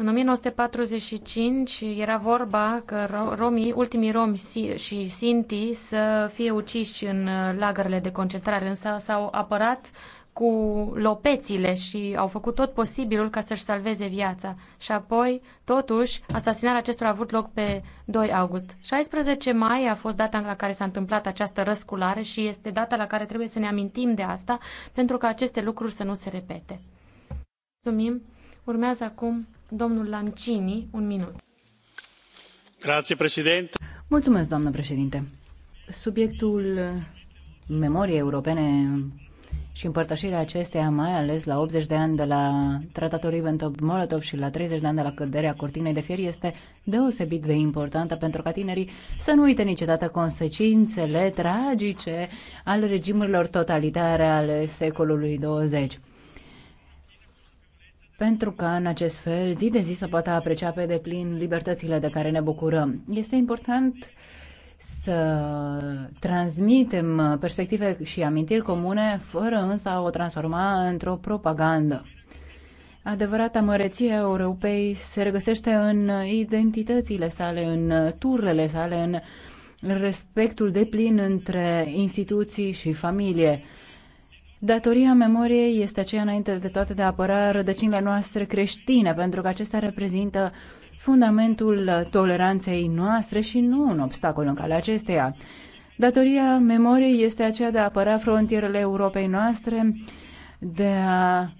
În 1945 era vorba că romii, ultimii romi și sinti să fie uciși în uh, lagărele de concentrare, însă s-au apărat cu lopețile și au făcut tot posibilul ca să-și salveze viața. Și apoi, totuși, asasinarea acestora a avut loc pe 2 august. 16 mai a fost data la care s-a întâmplat această răsculare și este data la care trebuie să ne amintim de asta pentru ca aceste lucruri să nu se repete. Mulțumim. Urmează acum Domnul Lancini, un minut. Mulțumesc, doamnă președinte. Subiectul memoriei europene și împărtășirea acesteia, mai ales la 80 de ani de la tratatul Ribbentrop-Molotov și la 30 de ani de la căderea cortinei de fier, este deosebit de importantă pentru ca tinerii să nu uite niciodată consecințele tragice ale regimurilor totalitare ale secolului 20 pentru ca în acest fel zi de zi să poată aprecia pe deplin libertățile de care ne bucurăm. Este important să transmitem perspective și amintiri comune, fără însă o transforma într-o propagandă. Adevărata măreție a Europei se regăsește în identitățile sale, în turlele sale, în respectul deplin între instituții și familie. Datoria memoriei este aceea înainte de toate de a apăra rădăcinile noastre creștine, pentru că acestea reprezintă fundamentul toleranței noastre și nu un obstacol în calea acesteia. Datoria memoriei este aceea de a apăra frontierele Europei noastre, de a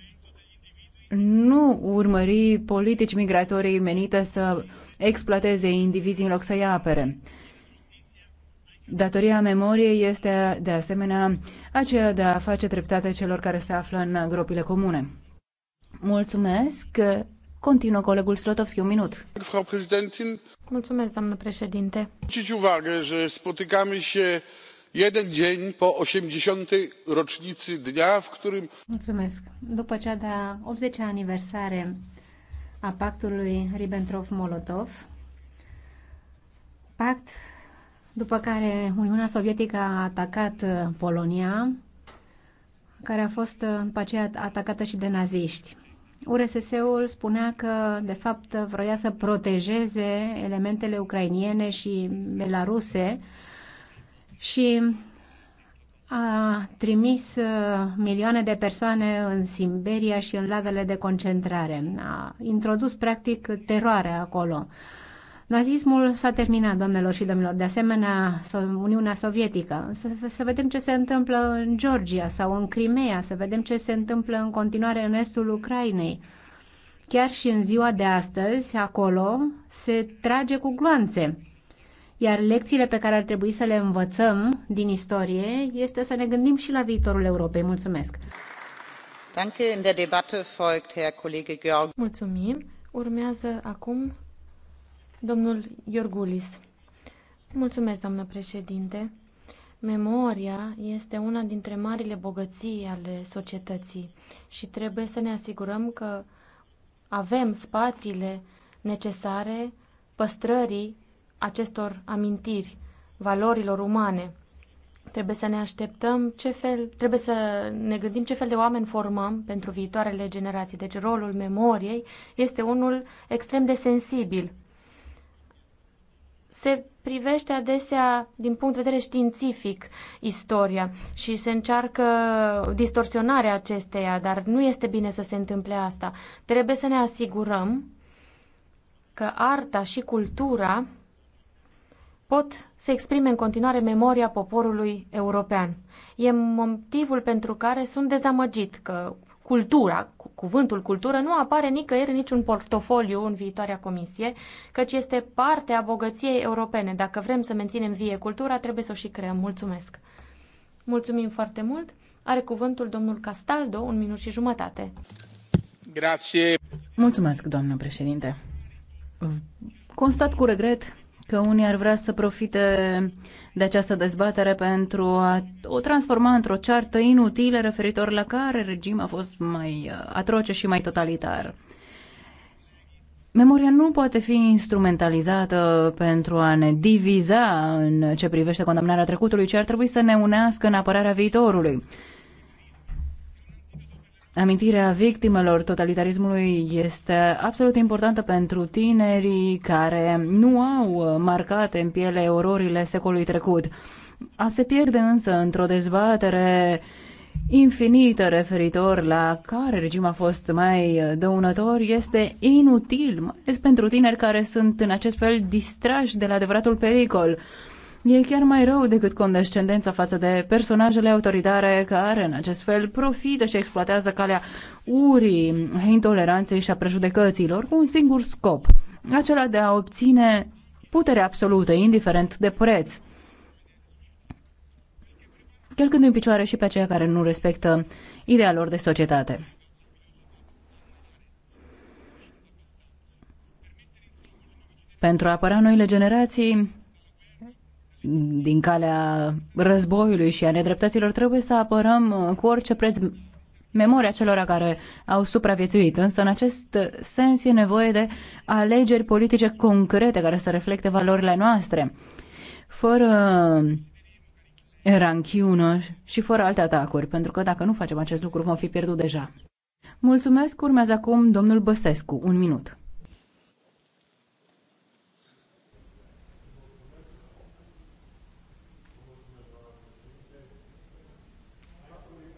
nu urmări politici migratorii menite să exploateze indivizii în loc să-i apere. Datoria memoriei este, de asemenea, aceea de a face treptate celor care se află în gropile comune. Mulțumesc. Continuă colegul Slotovski, un minut. Mulțumesc, doamnă președinte. Zwrócić uvagă, că spotykamy się jeden dzień po 80. rocznicy dnia, w którym... Mulțumesc. După cea de-a 80-a aniversare a pactului Ribbentrop-Molotov, pact după care Uniunea Sovietică a atacat uh, Polonia, care a fost uh, după aceea atacată și de naziști. URSS-ul spunea că, de fapt, vroia să protejeze elementele ucrainiene și belaruse și a trimis uh, milioane de persoane în Siberia și în lagăle de concentrare. A introdus, practic, teroarea acolo. Nazismul s-a terminat, doamnelor și domnilor, de asemenea Uniunea Sovietică. Să, să vedem ce se întâmplă în Georgia sau în Crimea, să vedem ce se întâmplă în continuare în estul Ucrainei. Chiar și în ziua de astăzi, acolo, se trage cu gloanțe. Iar lecțiile pe care ar trebui să le învățăm din istorie este să ne gândim și la viitorul Europei. Mulțumesc! Danke. In der Debatte folgt Herr Kollege Georg. Mulțumim. Urmează acum Domnul Iorgulis. Mulțumesc, doamnă președinte. Memoria este una dintre marile bogății ale societății și trebuie să ne asigurăm că avem spațiile necesare păstrării acestor amintiri, valorilor umane. Trebuie să ne așteptăm ce fel, trebuie să ne gândim ce fel de oameni formăm pentru viitoarele generații. Deci rolul memoriei este unul extrem de sensibil se privește adesea din punct de vedere științific istoria și se încearcă distorsionarea acesteia, dar nu este bine să se întâmple asta. Trebuie să ne asigurăm că arta și cultura pot să exprime în continuare memoria poporului european. E motivul pentru care sunt dezamăgit că cultura, cuvântul cultură, nu apare nicăieri niciun portofoliu în viitoarea comisie, căci este parte a bogăției europene. Dacă vrem să menținem vie cultura, trebuie să o și creăm. Mulțumesc! Mulțumim foarte mult! Are cuvântul domnul Castaldo, un minut și jumătate. Grație! Mulțumesc, doamnă președinte! Constat cu regret că unii ar vrea să profite de această dezbatere pentru a o transforma într-o ceartă inutilă referitor la care regim a fost mai uh, atroce și mai totalitar. Memoria nu poate fi instrumentalizată pentru a ne diviza în ce privește condamnarea trecutului, ci ar trebui să ne unească în apărarea viitorului. Amintirea victimelor totalitarismului este absolut importantă pentru tinerii care nu au marcate în piele ororile secolului trecut. A se pierde însă într-o dezbatere infinită referitor la care regim a fost mai dăunător este inutil, mai ales pentru tineri care sunt în acest fel distrași de la adevăratul pericol. E chiar mai rău decât condescendența față de personajele autoritare care, în acest fel, profită și exploatează calea urii, intoleranței și a prejudecăților cu un singur scop, acela de a obține putere absolută, indiferent de preț când în picioare și pe aceia care nu respectă ideea lor de societate. Pentru a apăra noile generații, din calea războiului și a nedreptăților, trebuie să apărăm uh, cu orice preț memoria celor care au supraviețuit. Însă, în acest sens, e nevoie de alegeri politice concrete care să reflecte valorile noastre, fără ranchiună și fără alte atacuri, pentru că dacă nu facem acest lucru, vom fi pierdut deja. Mulțumesc, urmează acum domnul Băsescu, un minut.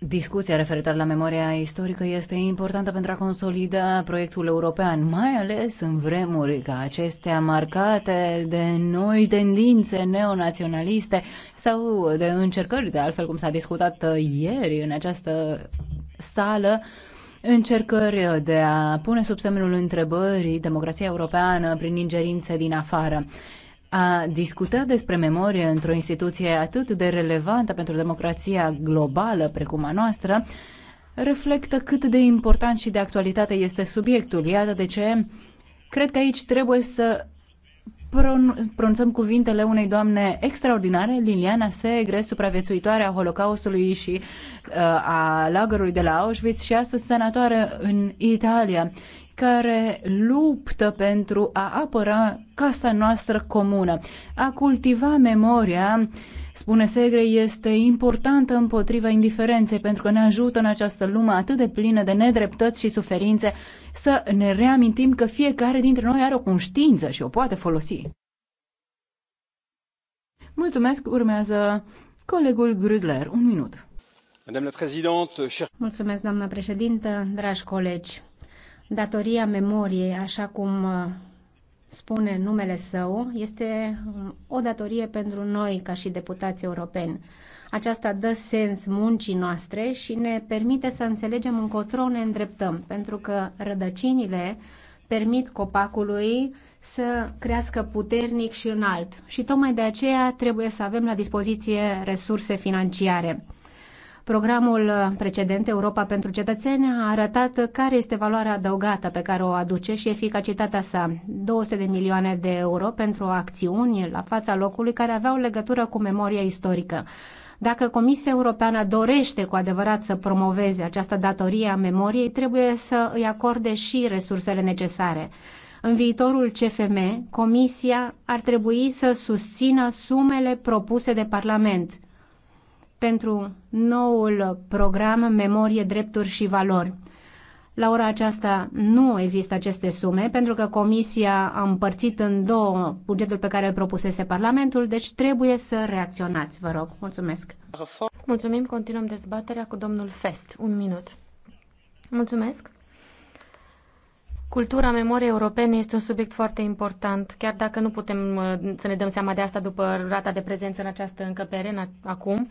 Discuția referitoare la memoria istorică este importantă pentru a consolida proiectul european, mai ales în vremuri ca acestea marcate de noi tendințe neonaționaliste sau de încercări, de altfel cum s-a discutat ieri în această sală, încercări de a pune sub semnul întrebării democrația europeană prin ingerințe din afară a discuta despre memorie într-o instituție atât de relevantă pentru democrația globală precum a noastră reflectă cât de important și de actualitate este subiectul. Iată de ce cred că aici trebuie să pronunțăm cuvintele unei doamne extraordinare, Liliana Segre, supraviețuitoare a Holocaustului și uh, a lagărului de la Auschwitz și astăzi senatoare în Italia care luptă pentru a apăra casa noastră comună. A cultiva memoria, spune Segre, este importantă împotriva indiferenței pentru că ne ajută în această lume atât de plină de nedreptăți și suferințe să ne reamintim că fiecare dintre noi are o conștiință și o poate folosi. Mulțumesc, urmează colegul Grudler. Un minut. Mulțumesc, doamna președintă, dragi colegi. Datoria memoriei, așa cum uh, spune numele său, este um, o datorie pentru noi ca și deputați europeni. Aceasta dă sens muncii noastre și ne permite să înțelegem încotro ne îndreptăm, pentru că rădăcinile permit copacului să crească puternic și înalt. Și tocmai de aceea trebuie să avem la dispoziție resurse financiare. Programul precedent, Europa pentru cetățeni, a arătat care este valoarea adăugată pe care o aduce și eficacitatea sa. 200 de milioane de euro pentru acțiuni la fața locului care aveau legătură cu memoria istorică. Dacă Comisia Europeană dorește cu adevărat să promoveze această datorie a memoriei, trebuie să îi acorde și resursele necesare. În viitorul CFM, Comisia ar trebui să susțină sumele propuse de Parlament – pentru noul program Memorie, Drepturi și Valori. La ora aceasta nu există aceste sume pentru că Comisia a împărțit în două bugetul pe care îl propusese Parlamentul, deci trebuie să reacționați, vă rog. Mulțumesc. Mulțumim, continuăm dezbaterea cu domnul Fest. Un minut. Mulțumesc. Cultura memoriei europene este un subiect foarte important, chiar dacă nu putem uh, să ne dăm seama de asta după rata de prezență în această încăpere în acum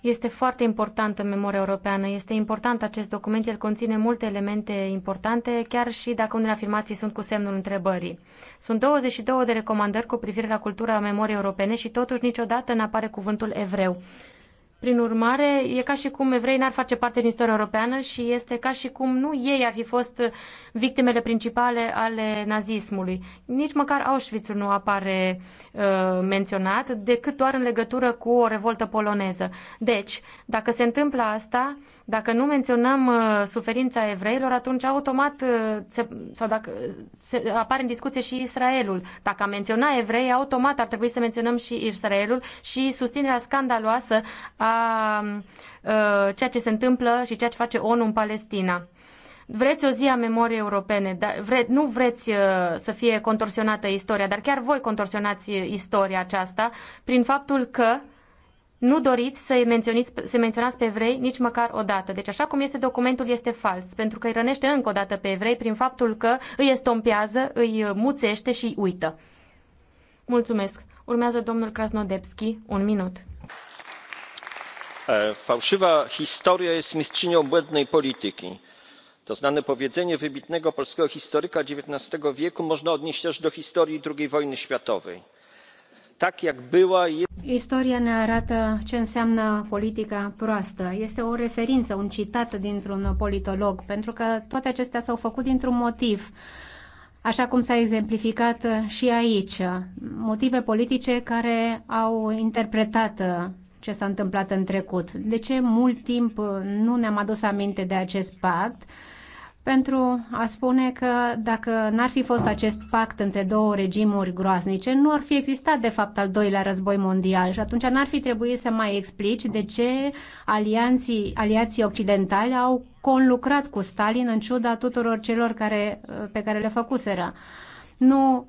este foarte importantă memoria europeană. Este important acest document, el conține multe elemente importante, chiar și dacă unele afirmații sunt cu semnul întrebării. Sunt 22 de recomandări cu privire la cultura memoriei europene și totuși niciodată n-apare cuvântul evreu. Prin urmare, e ca și cum evrei n-ar face parte din istoria europeană și este ca și cum nu ei ar fi fost victimele principale ale nazismului. Nici măcar Auschwitz nu apare uh, menționat, decât doar în legătură cu o revoltă poloneză. Deci, dacă se întâmplă asta, dacă nu menționăm uh, suferința evreilor, atunci automat uh, se, sau dacă se apare în discuție și Israelul. Dacă am menționat evrei, automat ar trebui să menționăm și Israelul și susținerea scandaloasă a a ceea ce se întâmplă și ceea ce face ONU în Palestina. Vreți o zi a memoriei europene, dar vre, nu vreți uh, să fie contorsionată istoria, dar chiar voi contorsionați istoria aceasta prin faptul că nu doriți să i menționați, să menționați pe evrei nici măcar o dată. Deci așa cum este documentul este fals, pentru că îi rănește încă o dată pe evrei prin faptul că îi estompează, îi muțește și îi uită. Mulțumesc. Urmează domnul Krasnodebski. Un minut fałszywa historia jest mistrzynią błędnej polityki. to znane powiedzenie wybitnego polskiego historyka xix wieku można odnieść też do historii ii wojny światowej. tak jak była i. istoria ne arată ce înseamnă politica proastă. este o referință un citat dintr un politolog pentru că toate acestea s au făcut dintr un motiv așa cum s-a exemplificat și aici, motive politice care au interpretat ce s-a întâmplat în trecut. De ce mult timp uh, nu ne-am adus aminte de acest pact? pentru a spune că dacă n-ar fi fost acest pact între două regimuri groaznice, nu ar fi existat de fapt al doilea război mondial și atunci n-ar fi trebuit să mai explici de ce alianții, aliații occidentali au conlucrat cu Stalin în ciuda tuturor celor care, uh, pe care le făcuseră. Nu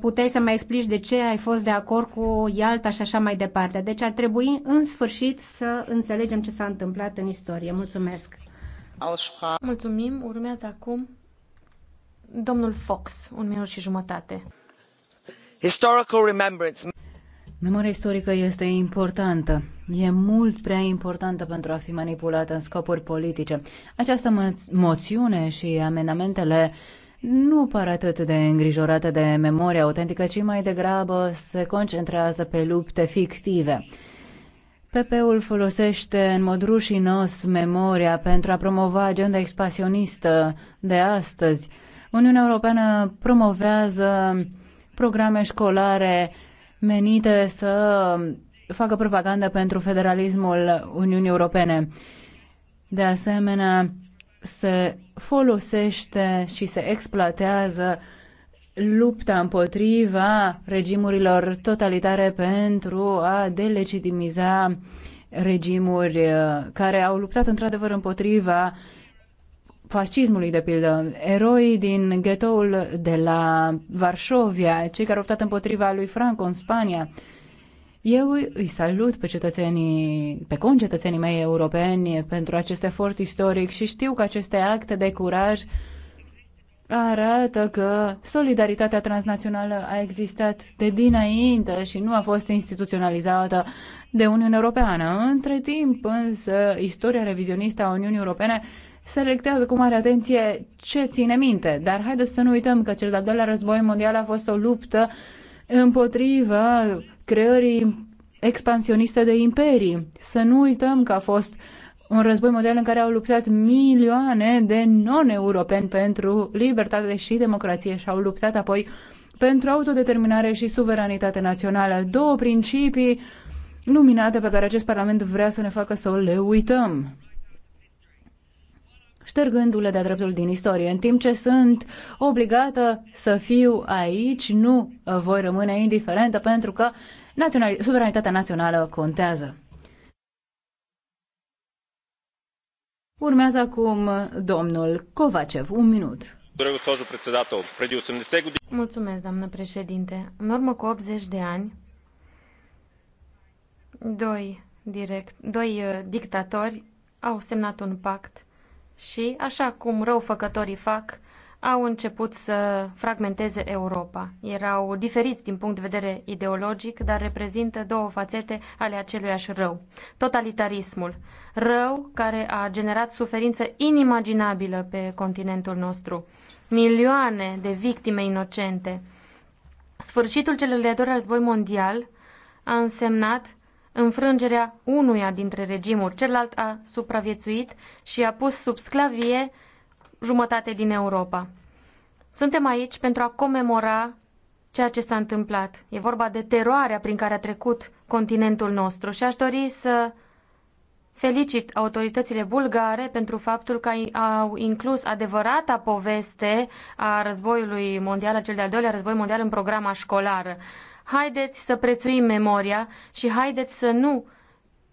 puteai să mai explici de ce ai fost de acord cu Ialta și așa mai departe. Deci ar trebui în sfârșit să înțelegem ce s-a întâmplat în istorie. Mulțumesc! Mulțumim! Urmează acum domnul Fox, un minut și jumătate. Historical remembrance. Memoria istorică este importantă. E mult prea importantă pentru a fi manipulată în scopuri politice. Această mo- moțiune și amendamentele uh, nu par atât de îngrijorată de memoria autentică, ci mai degrabă se concentrează pe lupte fictive. PP-ul folosește în mod rușinos memoria pentru a promova agenda expansionistă de astăzi. Uniunea Europeană promovează programe școlare menite să facă propagandă pentru federalismul Uniunii Europene. De asemenea, se folosește și se exploatează lupta împotriva regimurilor totalitare pentru a delegitimiza regimuri uh, care au luptat într-adevăr împotriva fascismului, de pildă, eroi din ghetoul de la Varșovia, cei care au luptat împotriva lui Franco în Spania, eu îi salut pe cetățenii, pe concetățenii mei europeni pentru acest efort istoric și știu că aceste acte de curaj arată că solidaritatea transnațională a existat de dinainte și nu a fost instituționalizată de Uniunea Europeană. Între timp, însă, istoria revizionistă a Uniunii Europene selectează cu mare atenție ce ține minte. Dar haideți să nu uităm că cel de-al doilea război mondial a fost o luptă împotriva creării expansioniste de imperii. Să nu uităm că a fost un război model în care au luptat milioane de non-europeni pentru libertate și democrație și au luptat apoi pentru autodeterminare și suveranitate națională. Două principii luminate pe care acest Parlament vrea să ne facă să le uităm ștergându-le de-a dreptul din istorie. În timp ce sunt obligată să fiu aici, nu uh, voi rămâne indiferentă pentru că național, suveranitatea națională contează. Urmează acum domnul Kovacev. Un minut. Mulțumesc, doamnă președinte. În urmă cu 80 de ani, doi, direct, doi uh, dictatori au semnat un pact și, așa cum răufăcătorii fac, au început să fragmenteze Europa. Erau diferiți din punct de vedere ideologic, dar reprezintă două fațete ale aceluiași rău. Totalitarismul. Rău care a generat suferință inimaginabilă pe continentul nostru. Milioane de victime inocente. Sfârșitul celui de-al doilea război mondial a însemnat Înfrângerea unuia dintre regimuri, celălalt a supraviețuit și a pus sub sclavie jumătate din Europa. Suntem aici pentru a comemora ceea ce s-a întâmplat. E vorba de teroarea prin care a trecut continentul nostru și aș dori să felicit autoritățile bulgare pentru faptul că au inclus adevărata poveste a războiului mondial, a cel de-al doilea război mondial, în programa școlară. Haideți să prețuim memoria și haideți să nu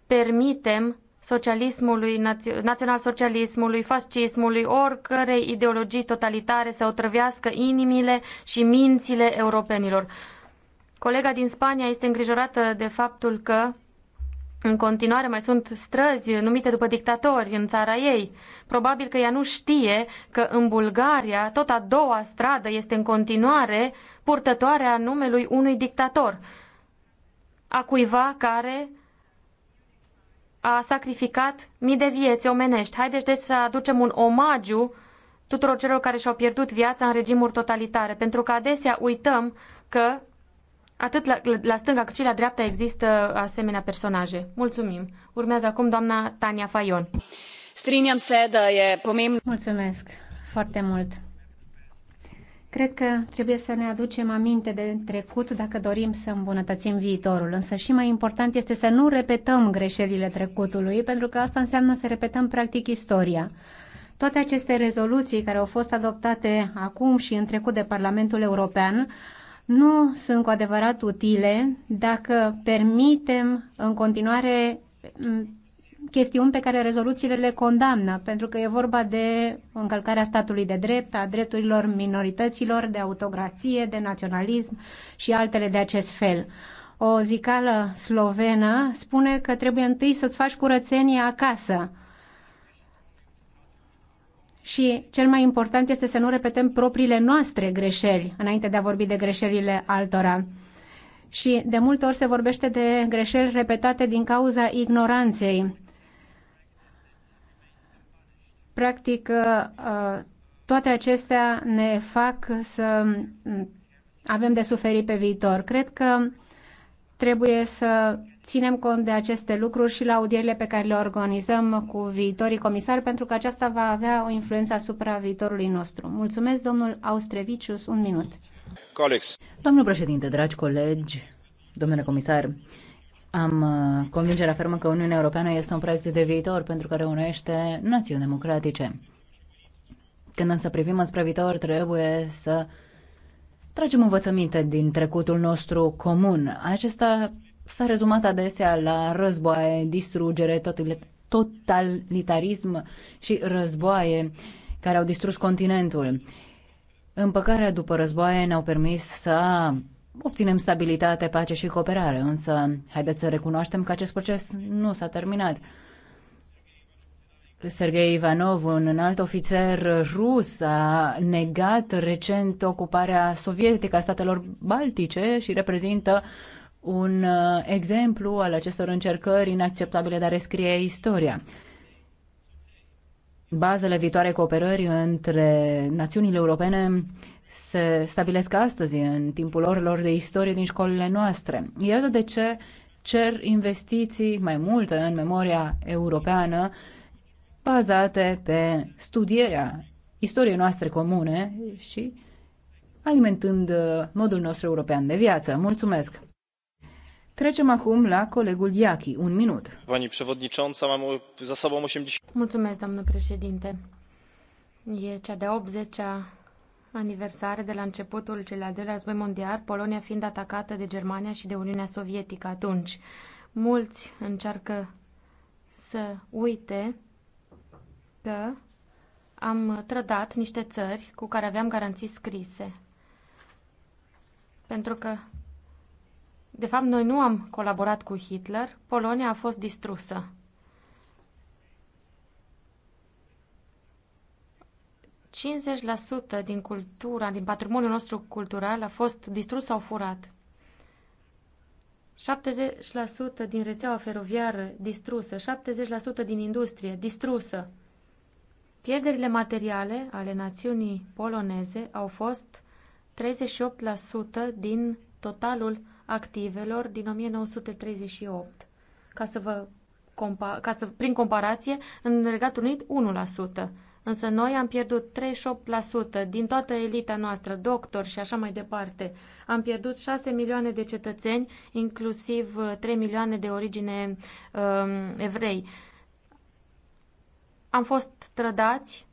permitem socialismului, național-socialismului, fascismului, oricărei ideologii totalitare să otrăvească inimile și mințile europenilor. Colega din Spania este îngrijorată de faptul că în continuare mai sunt străzi numite după dictatori în țara ei. Probabil că ea nu știe că în Bulgaria tot a doua stradă este în continuare purtătoarea numelui unui dictator, a cuiva care a sacrificat mii de vieți omenești. Haideți deci să aducem un omagiu tuturor celor care și-au pierdut viața în regimuri totalitare, pentru că adesea uităm că Atât la, la stânga cât și la dreapta există asemenea personaje. Mulțumim. Urmează acum doamna Tania Faion. Strinjam se da e pomim. Mulțumesc foarte mult. Cred că trebuie să ne aducem aminte de trecut dacă dorim să îmbunătățim viitorul, însă și mai important este să nu repetăm greșelile trecutului, pentru că asta înseamnă să repetăm practic istoria. Toate aceste rezoluții care au fost adoptate acum și în trecut de Parlamentul European nu sunt cu adevărat utile dacă permitem în continuare chestiuni pe care rezoluțiile le condamnă, pentru că e vorba de încălcarea statului de drept, a drepturilor minorităților, de autocrație, de naționalism și altele de acest fel. O zicală slovenă spune că trebuie întâi să-ți faci curățenie acasă și cel mai important este să nu repetăm propriile noastre greșeli înainte de a vorbi de greșelile altora. Și de multe ori se vorbește de greșeli repetate din cauza ignoranței. Practic, uh, uh, toate acestea ne fac să mm, avem de suferit pe viitor. Cred că trebuie să ținem cont de aceste lucruri și la audierile pe care le organizăm cu viitorii comisari, pentru că aceasta va avea o influență asupra viitorului nostru. Mulțumesc, domnul Austrevicius, un minut. Colegs. Domnul președinte, dragi colegi, domnule comisar, am uh, convingerea fermă că Uniunea Europeană este un proiect de viitor pentru că reunește națiuni democratice. Când însă privim înspre viitor, trebuie să tragem învățăminte din trecutul nostru comun. Acesta s-a rezumat adesea la războaie, distrugere, totalitarism și războaie care au distrus continentul. Împăcarea după războaie ne-au permis să obținem stabilitate, pace și cooperare, însă haideți să recunoaștem că acest proces nu s-a terminat. Sergei Ivanov, un alt ofițer rus, a negat recent ocuparea sovietică a statelor baltice și reprezintă un uh, exemplu al acestor încercări inacceptabile de a rescrie istoria. Bazele viitoare cooperări între națiunile europene se stabilesc astăzi, în timpul orelor de istorie din școlile noastre. Iată de ce cer investiții mai multe în memoria europeană, bazate pe studierea istoriei noastre comune și alimentând uh, modul nostru european de viață. Mulțumesc! Trecem acum la colegul Iachi. Un minut. Pani przewodnicząca, mam za sobą 80... Mulțumesc, doamnă președinte. E cea de 80-a aniversare de la începutul cel al doilea război mondial, Polonia fiind atacată de Germania și de Uniunea Sovietică atunci. Mulți încearcă să uite că am trădat niște țări cu care aveam garanții scrise. Pentru că de fapt, noi nu am colaborat cu Hitler, Polonia a fost distrusă. ...50% din cultura, din patrimoniul nostru cultural a fost distrus sau furat. 70% din rețeaua feroviară distrusă, 70% din industrie distrusă. Pierderile materiale ale națiunii poloneze au fost 38% din totalul activelor din 1938. Ca să vă compa- ca să, prin comparație, în Regatul Unit 1%. Însă noi am pierdut 38% din toată elita noastră, doctori și așa mai departe. Am pierdut 6 milioane de cetățeni, inclusiv 3 uh, milioane de origine um, evrei. Am fost trădați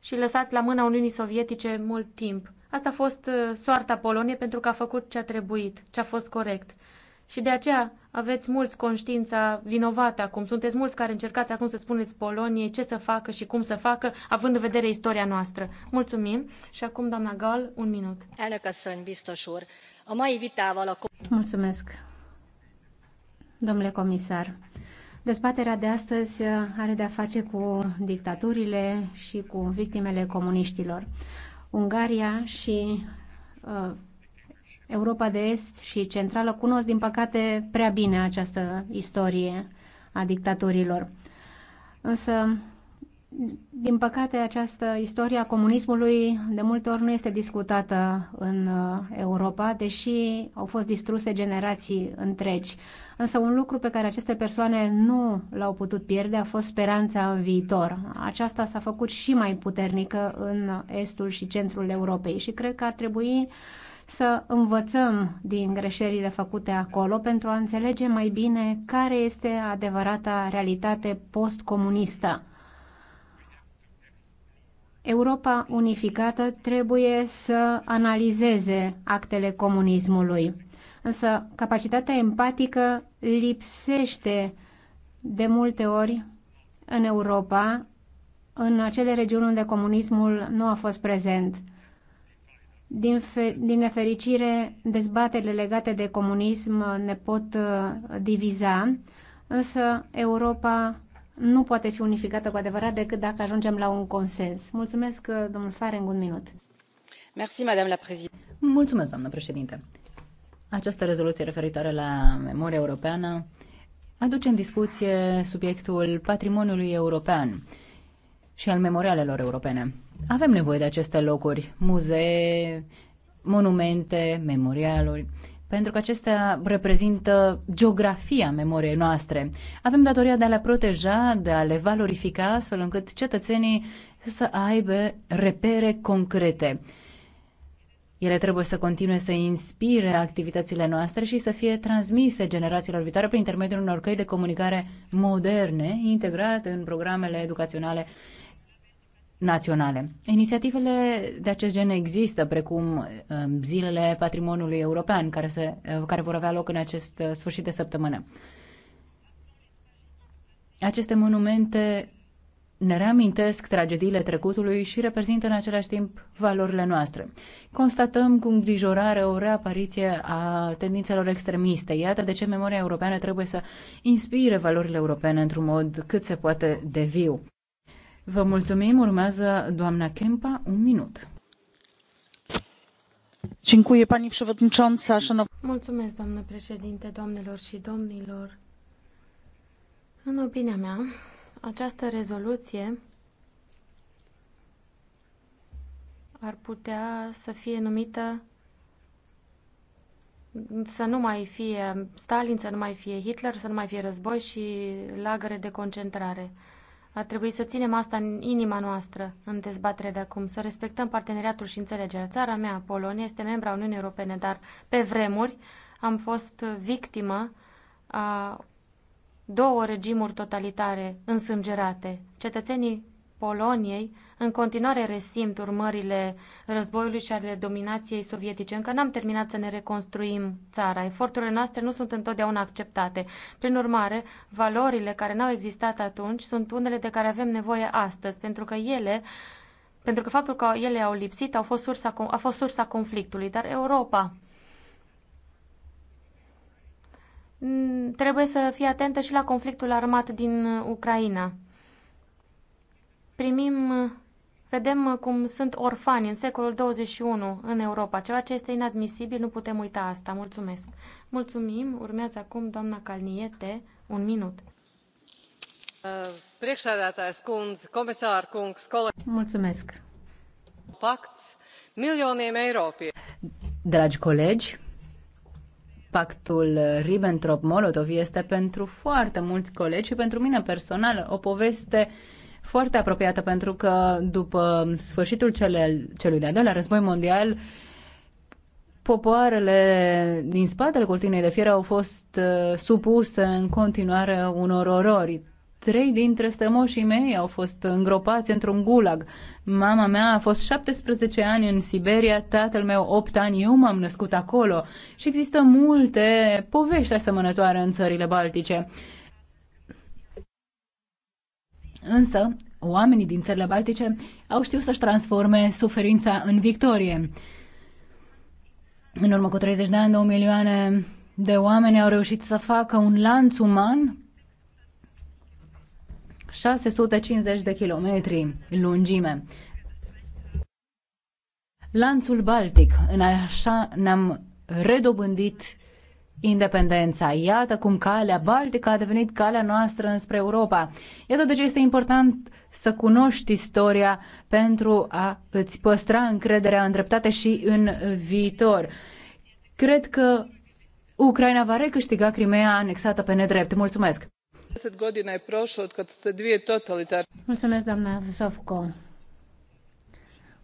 și lăsați la mâna Uniunii Sovietice mult timp. Asta a fost uh, soarta Poloniei pentru că a făcut ce a trebuit, ce a fost corect. Și de aceea aveți mulți conștiința vinovată acum. Sunteți mulți care încercați acum să spuneți Poloniei ce să facă și cum să facă, având în vedere istoria noastră. Mulțumim. Și acum, doamna Gal, un minut. Mulțumesc. Domnule comisar, dezbaterea de astăzi uh, are de-a face cu dictaturile și cu victimele comuniștilor. Ungaria și uh, Europa de Est și Centrală cunosc, din păcate, prea bine această istorie a dictatorilor. Însă, din păcate, această istorie a comunismului de multe ori nu este discutată în uh, Europa, deși au fost distruse generații întregi. Însă un lucru pe care aceste persoane nu l-au putut pierde a fost speranța în viitor. Aceasta s-a făcut și mai puternică în estul și centrul Europei și cred că ar trebui să învățăm din greșelile făcute acolo pentru a înțelege mai bine care este adevărata realitate postcomunistă. Europa unificată trebuie să analizeze actele comunismului Însă capacitatea empatică lipsește de multe ori în Europa, în acele regiuni unde comunismul nu a fost prezent. Din, fe- din nefericire, dezbaterile legate de comunism ne pot uh, diviza, însă Europa nu poate fi unificată cu adevărat decât dacă ajungem la un consens. Mulțumesc, uh, domnul Fareng, un minut. Mulțumesc, doamnă președinte. Această rezoluție referitoare la memoria europeană aduce în discuție subiectul patrimoniului european și al memorialelor europene. Avem nevoie de aceste locuri, muzee, monumente, memorialuri, pentru că acestea reprezintă geografia memoriei noastre. Avem datoria de a le proteja, de a le valorifica, astfel încât cetățenii să aibă repere concrete. Ele trebuie să continue să inspire activitățile noastre și să fie transmise generațiilor viitoare prin intermediul unor căi de comunicare moderne, integrate în programele educaționale naționale. Inițiativele de acest gen există, precum um, zilele patrimoniului european, care, se, uh, care vor avea loc în acest uh, sfârșit de săptămână. Aceste monumente ne reamintesc tragediile trecutului și reprezintă în același timp valorile noastre. Constatăm cu îngrijorare o reapariție a tendințelor extremiste. Iată de ce memoria europeană trebuie să inspire valorile europene într-un mod cât se poate de viu. Vă mulțumim. Urmează doamna Kempa, un minut. Mulțumesc, doamnă președinte, doamnelor și domnilor. În opinia mea, această rezoluție ar putea să fie numită să nu mai fie Stalin, să nu mai fie Hitler, să nu mai fie război și lagăre de concentrare. Ar trebui să ținem asta în inima noastră, în dezbatere de acum, să respectăm parteneriatul și înțelegerea. Țara mea, Polonia, este membra Uniunii Europene, dar pe vremuri am fost victimă a două regimuri totalitare însângerate. Cetățenii Poloniei în continuare resimt urmările războiului și ale dominației sovietice. Încă n-am terminat să ne reconstruim țara. Eforturile noastre nu sunt întotdeauna acceptate. Prin urmare, valorile care n-au existat atunci sunt unele de care avem nevoie astăzi, pentru că ele pentru că faptul că ele au lipsit au fost sursa, a fost sursa conflictului, dar Europa Mm, trebuie să fie atentă și la conflictul armat din Ucraina. Primim, vedem cum sunt orfani în secolul 21 în Europa, ceea ce este inadmisibil, nu putem uita asta. Mulțumesc. Mulțumim. Urmează acum doamna Calniete, un minut. Mulțumesc. Pact milioniem Europei. Dragi colegi, Pactul Ribbentrop-Molotov este pentru foarte mulți colegi și pentru mine personal o poveste foarte apropiată pentru că după sfârșitul cele, celui de-al doilea război mondial popoarele din spatele cortinei de fier au fost uh, supuse în continuare unor orori. Trei dintre strămoșii mei au fost îngropați într-un gulag. Mama mea a fost 17 ani în Siberia, tatăl meu 8 ani, eu m-am născut acolo. Și există multe povești asemănătoare în țările baltice. Însă, oamenii din țările baltice au știut să-și transforme suferința în victorie. În urmă cu 30 de ani, 2 milioane de oameni au reușit să facă un lanț uman 650 de kilometri lungime. Lanțul Baltic, în așa ne-am redobândit independența. Iată cum calea Baltică a devenit calea noastră înspre Europa. Iată de ce este important să cunoști istoria pentru a îți păstra încrederea în dreptate și în viitor. Cred că Ucraina va recâștiga Crimea anexată pe nedrept. Mulțumesc! godina je prošlo od kad su se dvije totalitarne... Mulțumesc, doamna Zovco.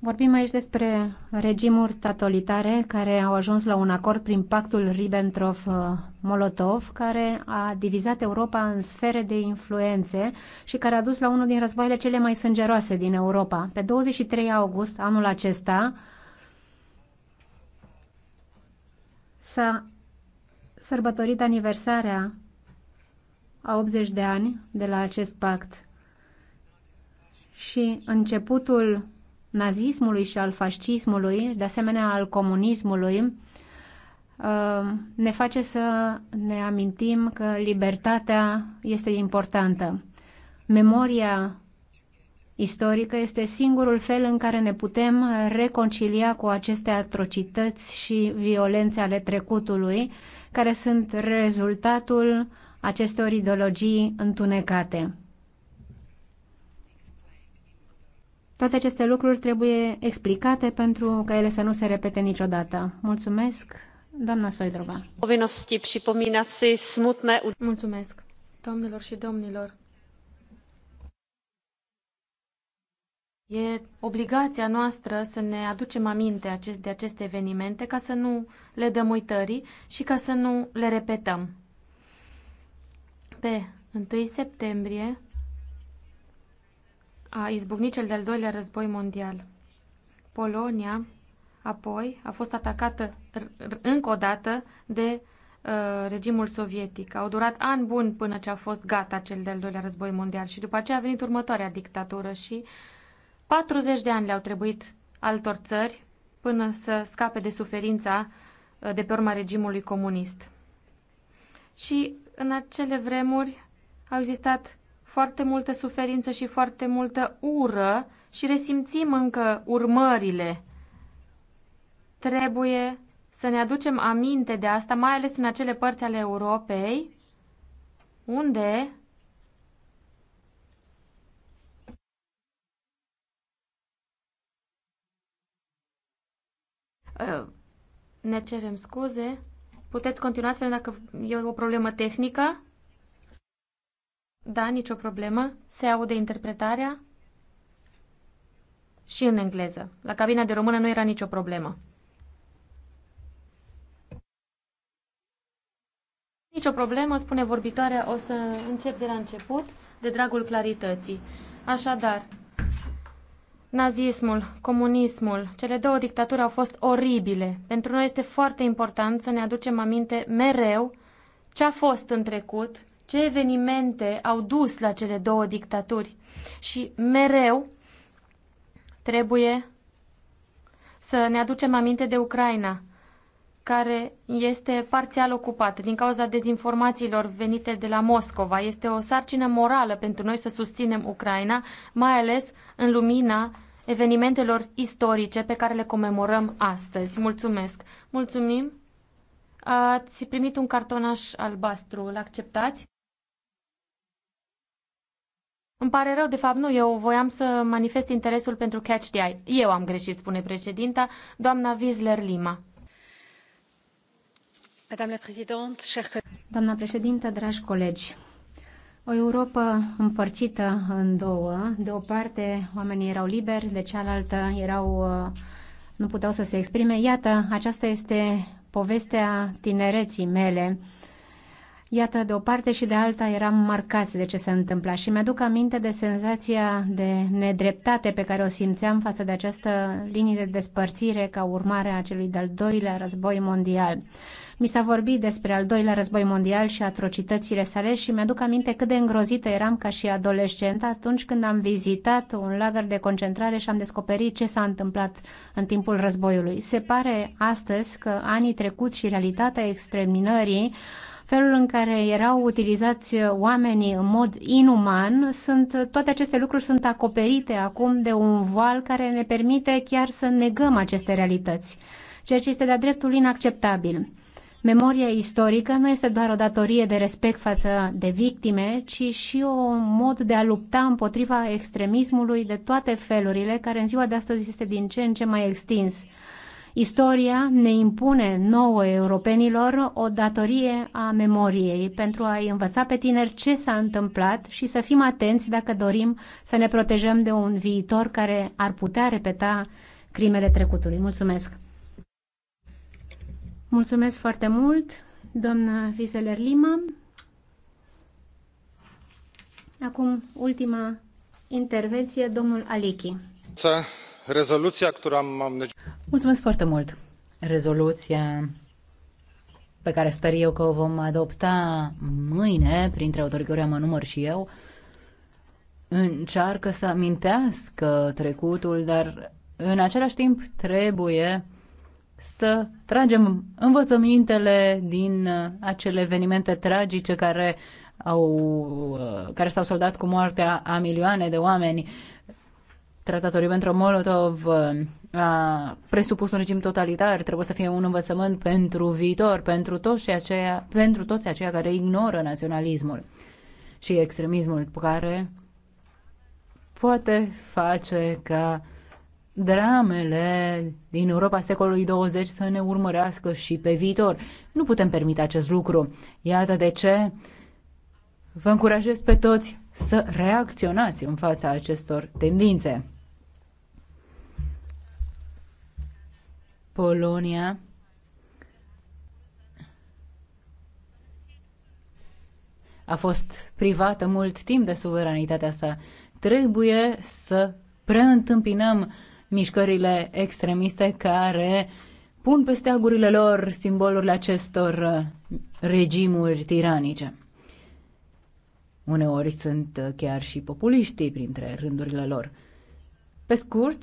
Vorbim aici despre regimuri totalitare care au ajuns la un acord prin pactul Ribbentrop-Molotov, care a divizat Europa în sfere de influențe și care a dus la unul din războaiele cele mai sângeroase din Europa. Pe 23 august anul acesta s-a sărbătorit aniversarea a 80 de ani de la acest pact și începutul nazismului și al fascismului, de asemenea al comunismului, uh, ne face să ne amintim că libertatea este importantă. Memoria istorică este singurul fel în care ne putem reconcilia cu aceste atrocități și violențe ale trecutului, care sunt rezultatul acestor ideologii întunecate. Toate aceste lucruri trebuie explicate pentru ca ele să nu se repete niciodată. Mulțumesc, doamna Soidrova. Mulțumesc, domnilor și domnilor. E obligația noastră să ne aducem aminte de aceste evenimente ca să nu le dăm uitării și ca să nu le repetăm pe 1 septembrie a izbucnit cel de-al doilea război mondial. Polonia apoi a fost atacată încă o dată de uh, regimul sovietic. Au durat ani buni până ce a fost gata cel de-al doilea război mondial și după aceea a venit următoarea dictatură și 40 de ani le-au trebuit altor țări până să scape de suferința uh, de pe urma regimului comunist. Și în acele vremuri au existat foarte multă suferință și foarte multă ură și resimțim încă urmările. Trebuie să ne aducem aminte de asta, mai ales în acele părți ale Europei, unde ă, ne cerem scuze. Puteți continua astfel dacă e o problemă tehnică? Da, nicio problemă. Se aude interpretarea? Și în engleză. La cabina de română nu era nicio problemă. Nicio problemă, spune vorbitoarea, o să încep de la început, de dragul clarității. Așadar, Nazismul, comunismul, cele două dictaturi au fost oribile. Pentru noi este foarte important să ne aducem aminte mereu ce a fost în trecut, ce evenimente au dus la cele două dictaturi. Și mereu trebuie să ne aducem aminte de Ucraina, care este parțial ocupată din cauza dezinformațiilor venite de la Moscova. Este o sarcină morală pentru noi să susținem Ucraina, mai ales în lumina evenimentelor istorice pe care le comemorăm astăzi. Mulțumesc! Mulțumim! Ați primit un cartonaș albastru, îl acceptați? Îmi pare rău, de fapt nu, eu voiam să manifest interesul pentru Catch the Eye. Eu am greșit, spune președinta, doamna Wiesler Lima. Doamna președintă, dragi colegi, o Europa împărțită în două. De o parte, oamenii erau liberi, de cealaltă erau, uh, nu puteau să se exprime. Iată, aceasta este povestea tinereții mele. Iată, de o parte și de alta eram marcați de ce se întâmpla și mi-aduc aminte de senzația de nedreptate pe care o simțeam față de această linie de despărțire ca urmare a celui de-al doilea război mondial. Mi s-a vorbit despre al doilea război mondial și atrocitățile sale și mi-aduc aminte cât de îngrozită eram ca și adolescent atunci când am vizitat un lagăr de concentrare și am descoperit ce s-a întâmplat în timpul războiului. Se pare astăzi că anii trecuți și realitatea exterminării felul în care erau utilizați oamenii în mod inuman, sunt, toate aceste lucruri sunt acoperite acum de un val care ne permite chiar să negăm aceste realități, ceea ce este de-a dreptul inacceptabil. Memoria istorică nu este doar o datorie de respect față de victime, ci și un mod de a lupta împotriva extremismului de toate felurile, care în ziua de astăzi este din ce în ce mai extins. Istoria ne impune nouă europenilor o datorie a memoriei pentru a-i învăța pe tineri ce s-a întâmplat și să fim atenți dacă dorim să ne protejăm de un viitor care ar putea repeta crimele trecutului. Mulțumesc! Mulțumesc foarte mult, doamna Vizeler Lima. Acum, ultima intervenție, domnul Alichi. Rezoluția, care am... Mulțumesc foarte mult. Rezoluția pe care sper eu că o vom adopta mâine, printre autorii mă număr și eu, încearcă să amintească trecutul, dar în același timp trebuie să tragem învățămintele din uh, acele evenimente tragice care au, uh, care s-au soldat cu moartea a milioane de oameni. Tratatul pentru molotov uh, a presupus un regim totalitar, trebuie să fie un învățământ pentru viitor, pentru toți aceia, pentru toți aceia care ignoră naționalismul și extremismul care poate face ca dramele din Europa secolului 20 să ne urmărească și pe viitor. Nu putem permite acest lucru. Iată de ce vă încurajez pe toți să reacționați în fața acestor tendințe. Polonia a fost privată mult timp de suveranitatea sa. Trebuie să preîntâmpinăm uh, mișcările extremiste care pun peste agurile lor simbolurile acestor uh, regimuri tiranice. Uneori sunt uh, chiar și populiștii printre rândurile lor. Pe scurt,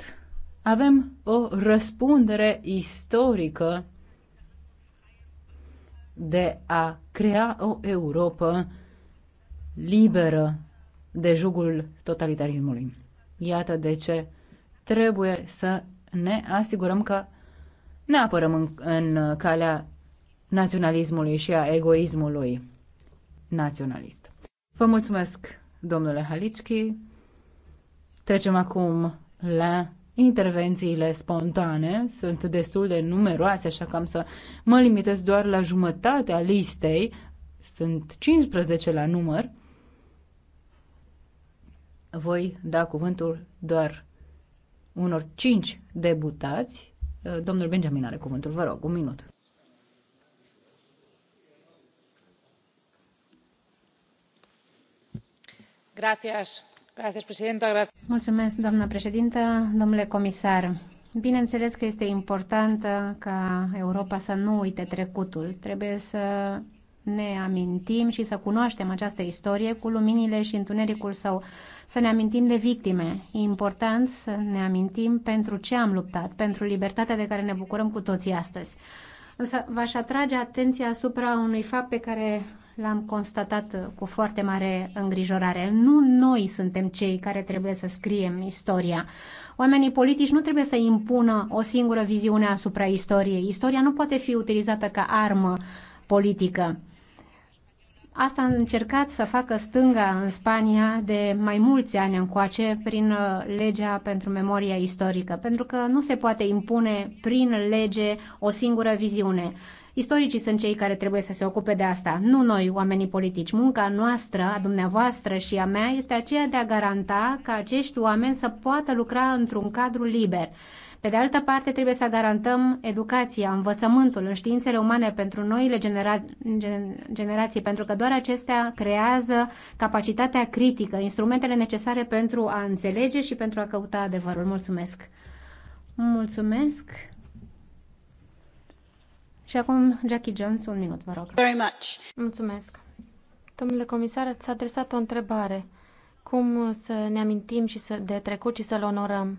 avem o răspundere istorică de a crea o Europa liberă de jugul totalitarismului. Iată de ce trebuie să ne asigurăm că ne apărăm în, în calea naționalismului și a egoismului naționalist. Vă mulțumesc, domnule Halicki. Trecem acum la intervențiile spontane. Sunt destul de numeroase, așa că am să mă limitez doar la jumătatea listei. Sunt 15 la număr. Voi da cuvântul doar unor cinci debutați. Uh, domnul Benjamin are cuvântul, vă rog, un minut. Gracias. Mulțumesc, doamna președintă domnule comisar bineînțeles că este important ca europa să nu uite trecutul trebuie să ne amintim și să cunoaștem această istorie cu luminile și întunericul său, să ne amintim de victime. E important să ne amintim pentru ce am luptat, pentru libertatea de care ne bucurăm cu toții astăzi. Însă v-aș atrage atenția asupra unui fapt pe care l-am constatat cu foarte mare îngrijorare. Nu noi suntem cei care trebuie să scriem istoria. Oamenii politici nu trebuie să impună o singură viziune asupra istoriei. Istoria nu poate fi utilizată ca armă politică. Asta am încercat să facă stânga în Spania de mai mulți ani încoace prin uh, legea pentru memoria istorică, pentru că nu se poate impune prin lege o singură viziune. Istoricii sunt cei care trebuie să se ocupe de asta, nu noi, oamenii politici. Munca noastră, a dumneavoastră și a mea, este aceea de a garanta ca acești oameni să poată lucra într-un cadru liber. Pe de altă parte, trebuie să garantăm educația, învățământul în științele umane pentru noile genera- generații, pentru că doar acestea creează capacitatea critică, instrumentele necesare pentru a înțelege și pentru a căuta adevărul. Mulțumesc! Mulțumesc! Și acum Jackie Jones, un minut, vă rog. Very much. Mulțumesc. Domnule comisar, te-a adresat o întrebare. Cum să ne amintim și să, de trecut și să-l onorăm?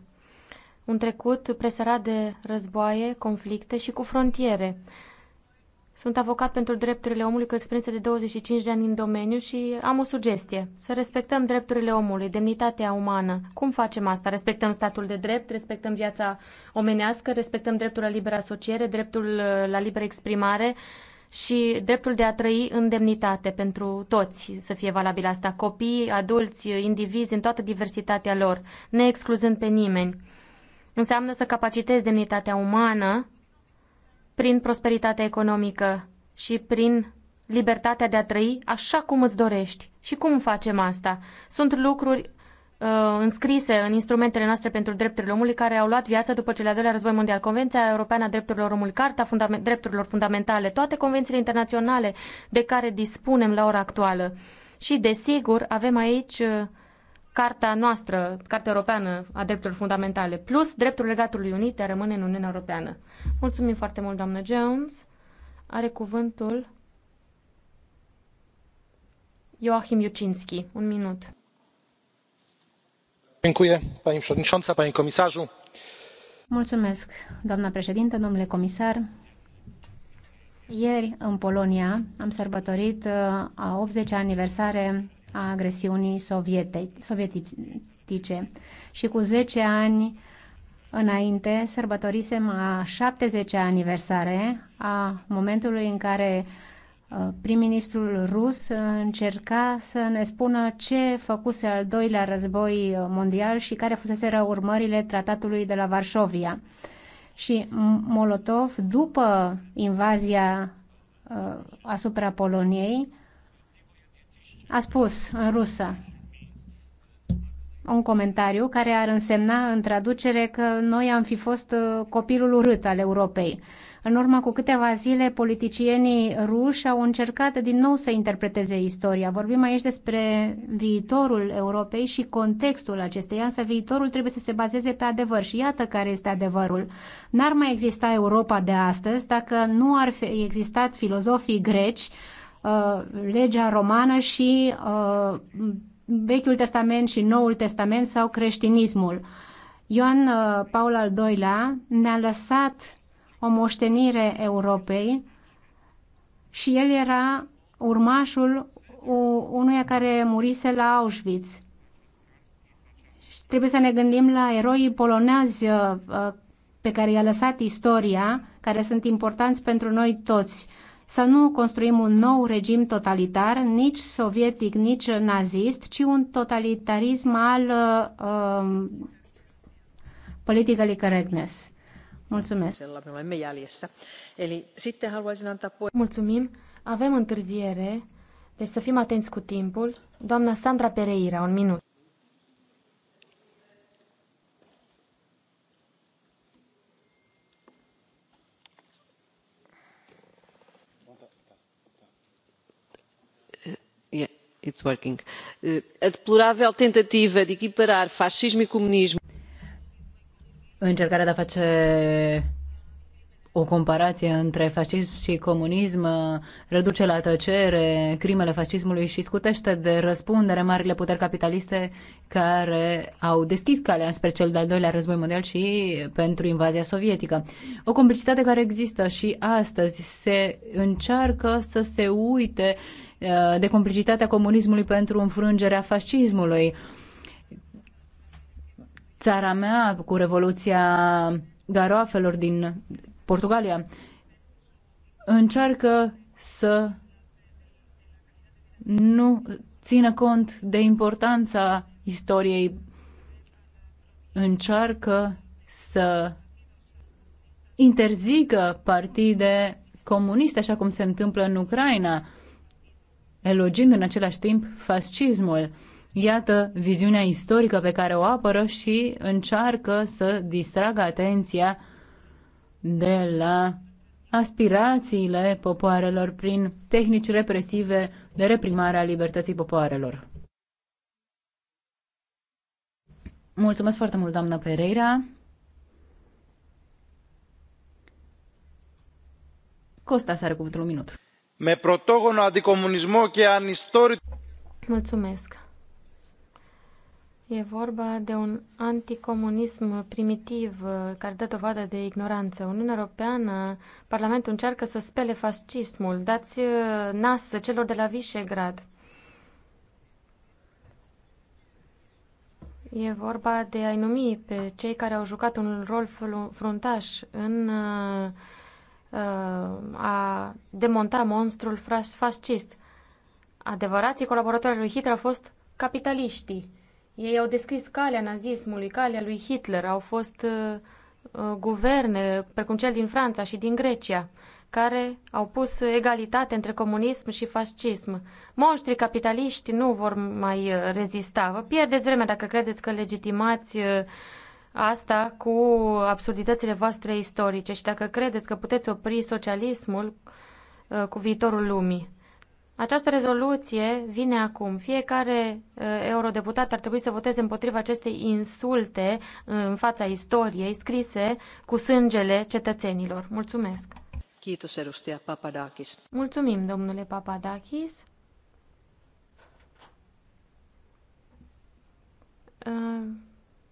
un trecut presărat de războaie, conflicte și cu frontiere. Sunt avocat pentru drepturile omului cu experiență de 25 de ani în domeniu și am o sugestie. Să respectăm drepturile omului, demnitatea umană. Cum facem asta? Respectăm statul de drept, respectăm viața omenească, respectăm dreptul la liberă asociere, dreptul uh, la liberă exprimare și dreptul de a trăi în demnitate pentru toți să fie valabil asta. Copii, adulți, indivizi, în toată diversitatea lor, ne excluzând pe nimeni. Înseamnă să capacitezi demnitatea umană prin prosperitatea economică și prin libertatea de a trăi așa cum îți dorești. Și cum facem asta? Sunt lucruri uh, înscrise în instrumentele noastre pentru drepturile omului care au luat viață după cele doilea război mondial. Convenția Europeană a Drepturilor Omului, Carta fundament, Drepturilor Fundamentale, toate convențiile internaționale de care dispunem la ora actuală. Și, desigur, avem aici uh, Carta noastră, Carta Europeană a Drepturilor Fundamentale, plus dreptul legatului Unit de a rămâne în Uniunea Europeană. Mulțumim foarte mult, doamnă Jones. Are cuvântul Joachim Iucinski. Un minut. Mulțumesc, doamna președintă, domnule comisar. Ieri, în Polonia, am sărbătorit uh, a 80-a aniversare a agresiunii sovietei, sovietice. Și cu 10 ani înainte sărbătorisem a 70-a aniversare a momentului în care uh, prim-ministrul rus încerca să ne spună ce făcuse al doilea război mondial și care fusese urmările tratatului de la Varșovia. Și Molotov, după invazia uh, asupra Poloniei, a spus în rusă un comentariu care ar însemna în traducere că noi am fi fost uh, copilul urât al Europei. În urmă cu câteva zile, politicienii ruși au încercat din nou să interpreteze istoria. Vorbim aici despre viitorul Europei și contextul acesteia, însă viitorul trebuie să se bazeze pe adevăr și iată care este adevărul. N-ar mai exista Europa de astăzi dacă nu ar fi existat filozofii greci Uh, legea romană și uh, Vechiul Testament și Noul Testament sau creștinismul. Ioan uh, Paul al II-lea ne-a lăsat o moștenire Europei și el era urmașul unuia care murise la Auschwitz. Și trebuie să ne gândim la eroii polonezi pe care i-a lăsat istoria, care sunt importanți pentru noi toți să nu construim un nou regim totalitar, nici sovietic, nici nazist, ci un totalitarism al uh, um, politicului correctness. Mulțumesc. Mulțumim. Avem întârziere, deci să fim atenți cu timpul. Doamna Sandra Pereira, un minut. Eh, a deplorabil de equiparar fascism și comunism. Încercarea de a face o comparație între fascism și comunism reduce la tăcere crimele fascismului și scutește de răspundere marile puteri capitaliste care au deschis calea spre cel de-al doilea război mondial și pentru invazia sovietică. O complicitate care există și astăzi se încearcă să se uite uh, Uh, de complicitatea comunismului pentru înfrângerea fascismului. Țara mea, cu Revoluția Garoafelor din Portugalia, încearcă să nu țină cont de importanța istoriei, încearcă să interzică partide comuniste, așa cum se întâmplă în Ucraina elogind în același timp fascismul. Iată viziunea istorică pe care o apără și încearcă să distragă atenția de la aspirațiile popoarelor prin tehnici represive de reprimare a libertății popoarelor. Mulțumesc foarte mult, doamna Pereira. Costa are cuvântul un minut με πρωτόγονο αντικομουνισμό και ανιστόρητο. Mulțumesc. E vorba de un anticomunism primitiv care dă dovadă de ignoranță. Uniunea Europeană, Parlamentul încearcă să spele fascismul. Dați uh, nas celor de la Visegrad. E vorba de a-i numi pe cei care au jucat un rol fruntaș în uh, Uh, a demonta monstrul fascist. Adevărații colaboratori lui Hitler au fost capitaliștii. Ei au descris calea nazismului, calea lui Hitler. Au fost uh, uh, guverne, precum cel din Franța și din Grecia, care au pus egalitate între comunism și fascism. Monștrii capitaliști nu vor mai uh, rezista. Vă pierdeți vremea dacă credeți că legitimați uh, Asta cu absurditățile voastre istorice și dacă credeți că puteți opri socialismul uh, cu viitorul lumii. Această rezoluție vine acum. Fiecare uh, eurodeputat ar trebui să voteze împotriva acestei insulte în fața istoriei scrise cu sângele cetățenilor. Mulțumesc! Kiitos, edustaja Papadakis. Mulțumim, domnule Papadakis. Uh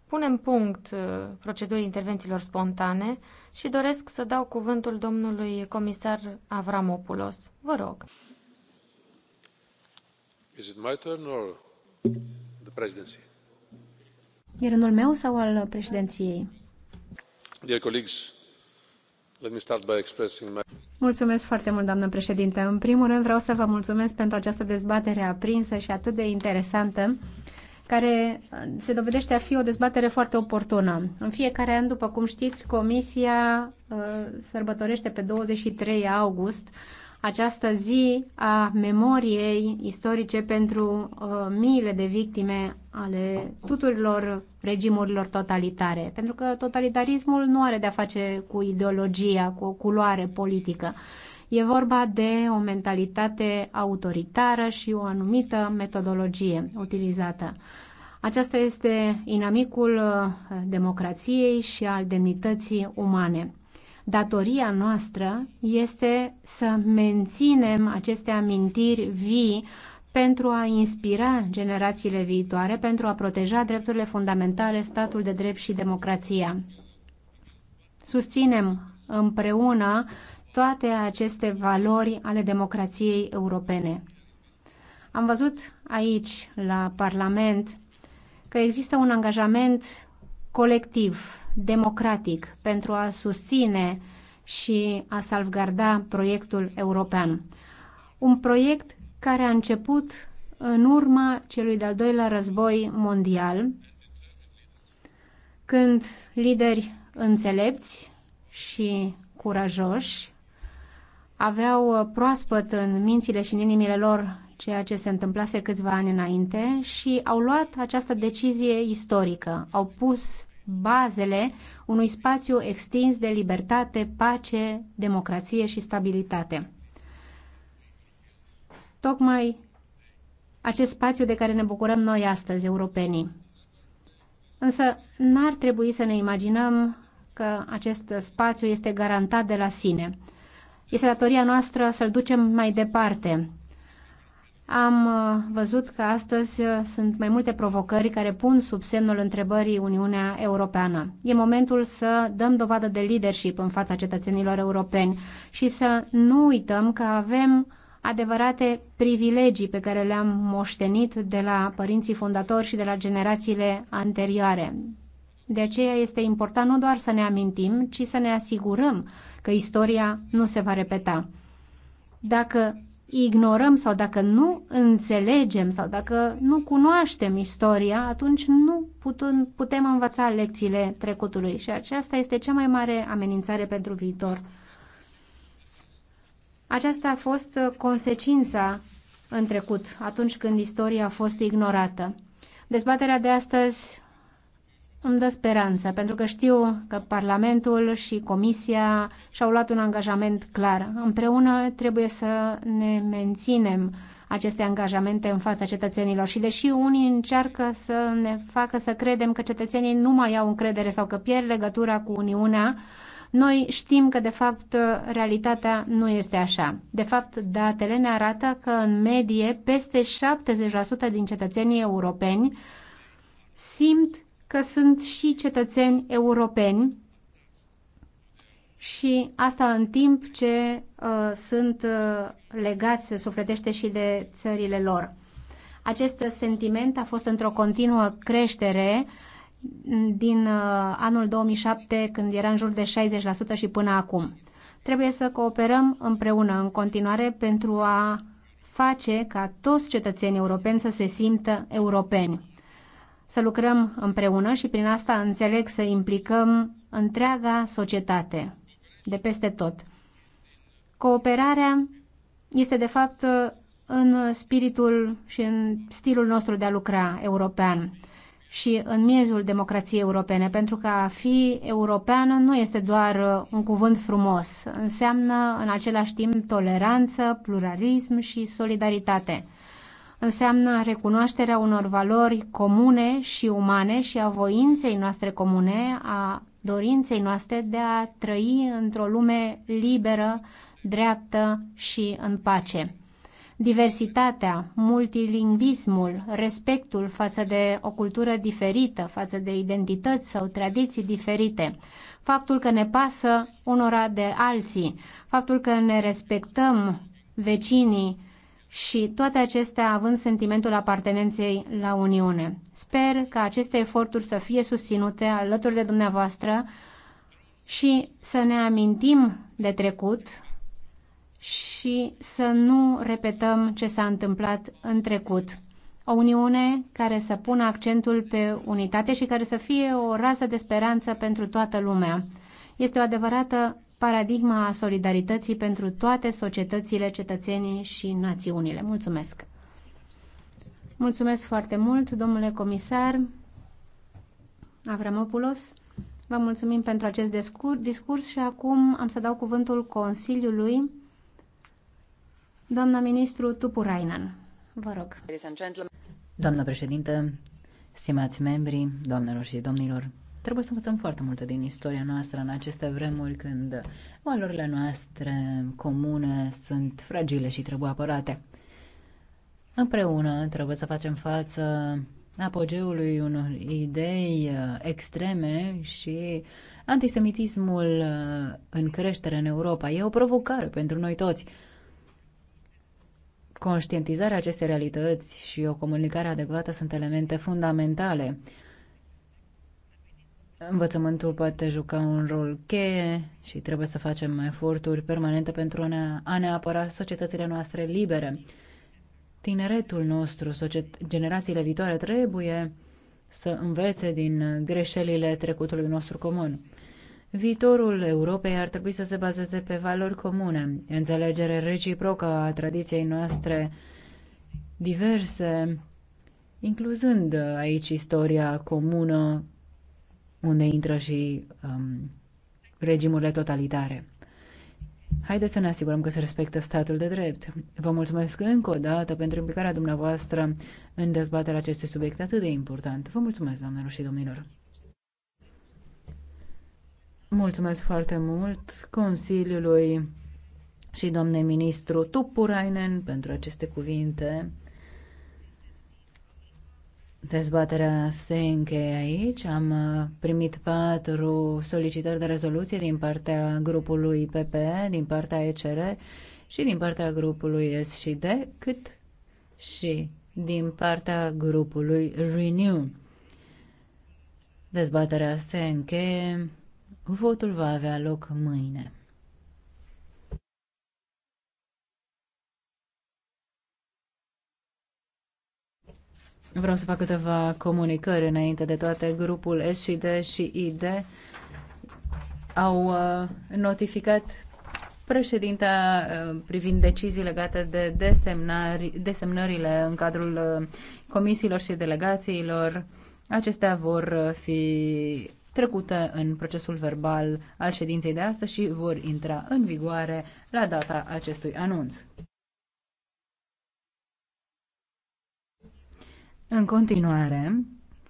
punem punct uh, procedurii intervențiilor spontane și doresc să dau cuvântul domnului comisar Avramopoulos. Vă rog. Is it my turn or the presidency? E rândul meu sau al președinției? Dear colleagues, let me start by expressing my... Mulțumesc foarte mult, doamnă președintă. În primul rând vreau să vă mulțumesc pentru această dezbatere aprinsă și atât de interesantă care uh, se dovedește a fi o dezbatere foarte oportună. În fiecare an, după cum știți, Comisia uh, sărbătorește pe 23 august această zi a memoriei istorice pentru uh, miile de victime ale tuturor regimurilor totalitare. Pentru că totalitarismul nu are de-a face cu ideologia, cu o culoare politică. Uh, E vorba de o mentalitate autoritară și o anumită metodologie utilizată. Aceasta este inamicul uh, democrației și al demnității umane. Datoria noastră este să menținem aceste amintiri vii pentru a inspira generațiile viitoare, pentru a proteja drepturile fundamentale, statul de drept și democrația. Susținem împreună toate aceste valori ale democrației europene. Am văzut aici, la Parlament, că există un angajament colectiv, democratic, pentru a susține și a salvgarda proiectul european. Un proiect care a început în urma celui de-al doilea război mondial, când lideri înțelepți și curajoși aveau uh, proaspăt în mințile și în inimile lor ceea ce se întâmplase câțiva ani înainte și au luat această decizie istorică. Au pus bazele unui spațiu extins de libertate, pace, democrație și stabilitate. Tocmai acest spațiu de care ne bucurăm noi astăzi, europenii. Însă n-ar trebui să ne imaginăm că acest spațiu este garantat de la sine este datoria noastră să-l ducem mai departe. Am uh, văzut că astăzi uh, sunt mai multe provocări care pun sub semnul întrebării Uniunea Europeană. E momentul să dăm dovadă de leadership în fața cetățenilor europeni și să nu uităm că avem adevărate privilegii pe care le-am moștenit de la părinții fondatori și de la generațiile anterioare. De aceea este important nu doar să ne amintim, ci să ne asigurăm că istoria nu se va repeta. Dacă ignorăm sau dacă nu înțelegem sau dacă nu cunoaștem istoria, atunci nu putem, putem învăța lecțiile trecutului și aceasta este cea mai mare amenințare pentru viitor. Aceasta a fost consecința în trecut, atunci când istoria a fost ignorată. Dezbaterea de astăzi îmi dă speranță, pentru că știu că Parlamentul și Comisia și-au luat un angajament clar. Împreună trebuie să ne menținem aceste angajamente în fața cetățenilor și deși unii încearcă să ne facă să credem că cetățenii nu mai au încredere sau că pierd legătura cu Uniunea, noi știm că, de fapt, realitatea nu este așa. De fapt, datele ne arată că, în medie, peste 70% din cetățenii europeni simt că sunt și cetățeni europeni și asta în timp ce uh, sunt uh, legați sufletește și de țările lor. Acest sentiment a fost într-o continuă creștere din uh, anul 2007, când era în jur de 60% și până acum. Trebuie să cooperăm împreună în continuare pentru a face ca toți cetățenii europeni să se simtă europeni să lucrăm împreună și prin asta înțeleg să implicăm întreaga societate, de peste tot. Cooperarea este de fapt în spiritul și în stilul nostru de a lucra european și în miezul democrației europene, pentru că a fi european nu este doar un cuvânt frumos, înseamnă în același timp toleranță, pluralism și solidaritate înseamnă recunoașterea unor valori comune și umane și a voinței noastre comune, a dorinței noastre de a trăi într-o lume liberă, dreaptă și în pace. Diversitatea, multilingvismul, respectul față de o cultură diferită, față de identități sau tradiții diferite, faptul că ne pasă unora de alții, faptul că ne respectăm vecinii, și toate acestea având sentimentul apartenenței la Uniune. Sper ca aceste eforturi să fie susținute alături de dumneavoastră și să ne amintim de trecut și să nu repetăm ce s-a întâmplat în trecut. O Uniune care să pună accentul pe unitate și care să fie o rază de speranță pentru toată lumea. Este o adevărată paradigma a solidarității pentru toate societățile, cetățenii și națiunile. Mulțumesc! Mulțumesc foarte mult, domnule comisar Avramopoulos. Vă mulțumim pentru acest discurs și acum am să dau cuvântul Consiliului. Doamna ministru Tupurainen, vă rog. Doamna președintă, stimați membri, doamnelor și domnilor, Trebuie să învățăm foarte multe din istoria noastră în aceste vremuri când valorile noastre comune sunt fragile și trebuie apărate. Împreună trebuie să facem față apogeului unor idei uh, extreme și antisemitismul uh, în creștere în Europa. E o provocare pentru noi toți. Conștientizarea acestei realități și o comunicare adecvată sunt elemente fundamentale Învățământul poate juca un rol cheie și trebuie să facem eforturi permanente pentru a ne, a ne apăra societățile noastre libere. Tineretul nostru, societ- generațiile viitoare trebuie să învețe din greșelile trecutului nostru comun. Viitorul Europei ar trebui să se bazeze pe valori comune, înțelegere reciprocă a tradiției noastre diverse, incluzând aici istoria comună unde intră și um, regimurile totalitare. Haideți să ne asigurăm că se respectă statul de drept. Vă mulțumesc încă o dată pentru implicarea dumneavoastră în dezbaterea acestui subiect atât de important. Vă mulțumesc, doamnelor și domnilor. Mulțumesc foarte mult Consiliului și domnului ministru Tupurainen pentru aceste cuvinte. Dezbaterea se încheie aici. Am uh, primit patru solicitări de rezoluție din partea grupului PP, din partea ECR și din partea grupului SD, cât și din partea grupului Renew. Dezbaterea se încheie. Votul va avea loc mâine. Vreau să fac câteva comunicări înainte de toate. Grupul SID și ID au uh, notificat președinta uh, privind decizii legate de desemnări, desemnările în cadrul uh, comisiilor și delegațiilor. Acestea vor fi trecute în procesul verbal al ședinței de astăzi și vor intra în vigoare la data acestui anunț. În continuare,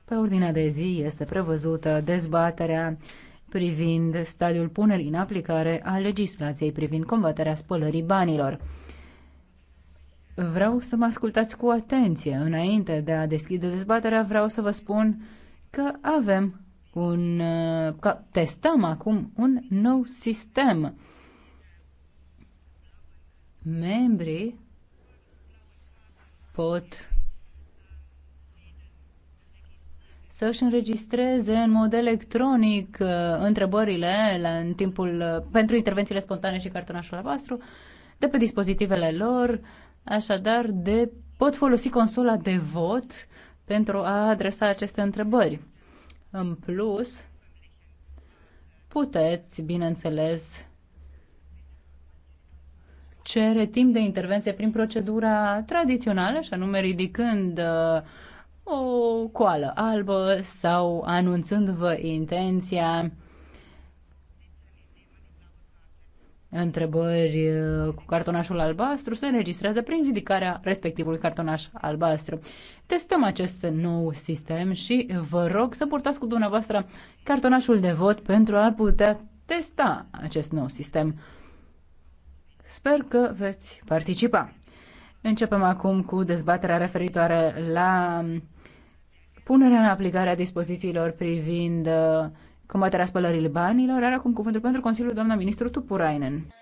pe ordinea de zi este prevăzută dezbaterea privind stadiul punerii în aplicare a legislației privind combaterea spălării banilor. Vreau să mă ascultați cu atenție. Înainte de a deschide dezbaterea, vreau să vă spun că avem un. că testăm acum un nou sistem. Membrii pot să își înregistreze în mod electronic uh, întrebările la, în timpul, uh, pentru intervențiile spontane și cartonașul albastru de pe dispozitivele lor, așadar de, pot folosi consola de vot pentru a adresa aceste întrebări. În plus, puteți, bineînțeles, cere timp de intervenție prin procedura tradițională, și anume ridicând uh, o coală albă sau anunțându-vă intenția întrebări uh, cu cartonașul albastru se înregistrează prin ridicarea respectivului cartonaș albastru. Testăm acest nou sistem și vă rog să purtați cu dumneavoastră cartonașul de vot pentru a putea testa acest nou sistem. Sper că veți participa. Începem acum cu dezbaterea referitoare la Punerea în aplicare a dispozițiilor privind uh, combaterea spălării banilor are acum cuvântul pentru Consiliul doamna ministru Tupurainen.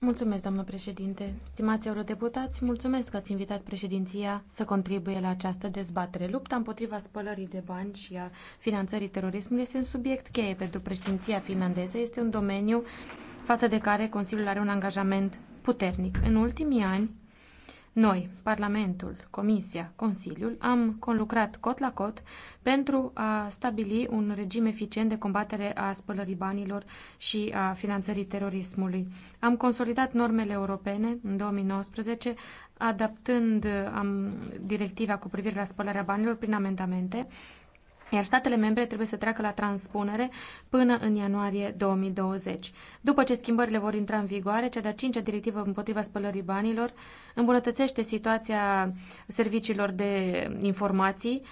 Mulțumesc, doamnă președinte. Stimați eurodeputați, mulțumesc că ați invitat președinția să contribuie la această dezbatere. Lupta împotriva spălării de bani și a finanțării terorismului este un subiect cheie pentru președinția finlandeză. Este un domeniu față de care Consiliul are un angajament puternic. În ultimii ani, noi, Parlamentul, Comisia, Consiliul, am conlucrat cot la cot pentru a stabili un regim eficient de combatere a spălării banilor și a finanțării terorismului. Am consolidat normele europene în 2019, adaptând am, directiva cu privire la spălarea banilor prin amendamente iar statele membre trebuie să treacă la transpunere până în ianuarie 2020. După ce schimbările vor intra în vigoare, cea de-a cincea directivă împotriva spălării banilor îmbunătățește situația serviciilor de informații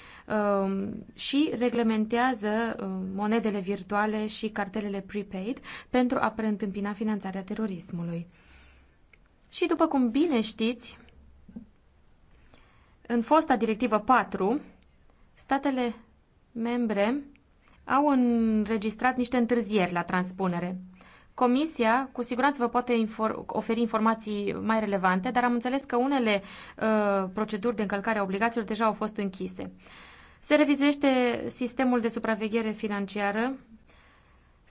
um, și reglementează um, monedele virtuale și cartelele prepaid pentru a preîntâmpina finanțarea terorismului. Și după cum bine știți, în fosta directivă 4, statele membre au înregistrat niște întârzieri la transpunere. Comisia, cu siguranță, vă poate infor- oferi informații mai relevante, dar am înțeles că unele uh, proceduri de încălcare a obligațiilor deja au fost închise. Se revizuiește sistemul de supraveghere financiară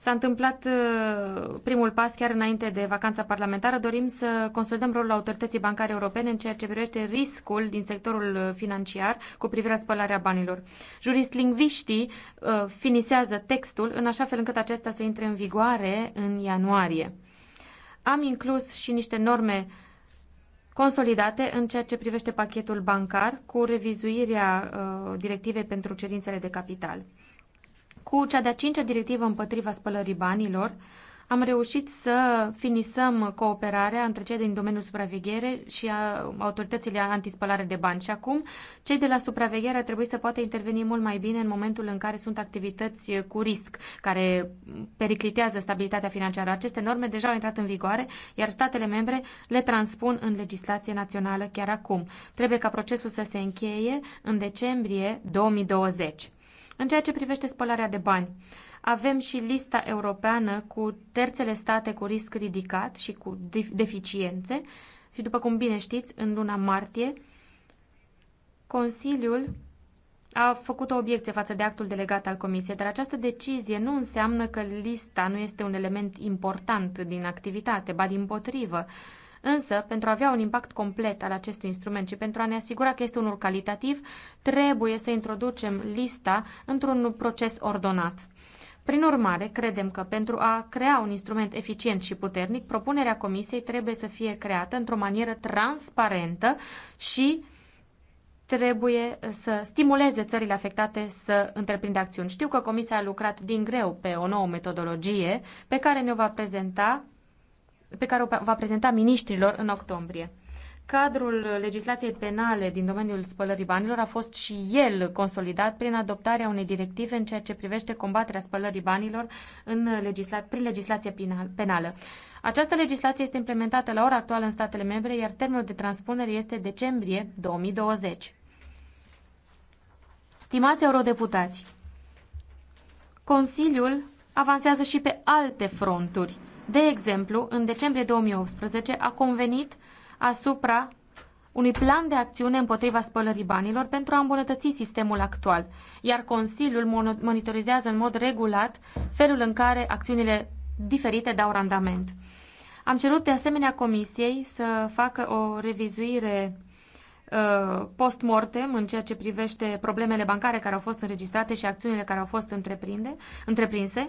S-a întâmplat uh, primul pas chiar înainte de vacanța parlamentară. Dorim să consolidăm rolul autorității bancare europene în ceea ce privește riscul din sectorul uh, financiar cu privire la spălarea banilor. Juristlingviștii uh, finisează textul în așa fel încât acesta să intre în vigoare în ianuarie. Am inclus și niște norme consolidate în ceea ce privește pachetul bancar cu revizuirea directivei pentru cerințele de capital. Cu cea de-a cincea directivă împotriva spălării banilor, am reușit să finisăm cooperarea între cei din domeniul supraveghere și a autoritățile antispălare de bani. Și acum, cei de la supraveghere trebuie să poată interveni mult mai bine în momentul în care sunt activități cu risc, care periclitează stabilitatea financiară. Aceste norme deja au intrat în vigoare, iar statele membre le transpun în legislație națională chiar acum. Trebuie ca procesul să se încheie în decembrie 2020. În ceea ce privește spălarea de bani, avem și lista europeană cu terțele state cu risc ridicat și cu deficiențe și, după cum bine știți, în luna martie, Consiliul a făcut o obiecție față de actul delegat al Comisiei, dar această decizie nu înseamnă că lista nu este un element important din activitate, ba din potrivă. Însă, pentru a avea un impact complet al acestui instrument și pentru a ne asigura că este unul calitativ, trebuie să introducem lista într-un proces ordonat. Prin urmare, credem că pentru a crea un instrument eficient și puternic, propunerea Comisiei trebuie să fie creată într-o manieră transparentă și trebuie să stimuleze țările afectate să întreprindă acțiuni. Știu că Comisia a lucrat din greu pe o nouă metodologie pe care ne-o va prezenta pe care o va prezenta miniștrilor în octombrie. Cadrul legislației penale din domeniul spălării banilor a fost și el consolidat prin adoptarea unei directive în ceea ce privește combaterea spălării banilor în legisla- prin legislație penală. Această legislație este implementată la ora actuală în statele membre, iar termenul de transpunere este decembrie 2020. Stimați eurodeputați, Consiliul avansează și pe alte fronturi de exemplu, în decembrie 2018 a convenit asupra unui plan de acțiune împotriva spălării banilor pentru a îmbunătăți sistemul actual, iar Consiliul monitorizează în mod regulat felul în care acțiunile diferite dau randament. Am cerut de asemenea Comisiei să facă o revizuire uh, post-mortem în ceea ce privește problemele bancare care au fost înregistrate și acțiunile care au fost întreprinde, întreprinse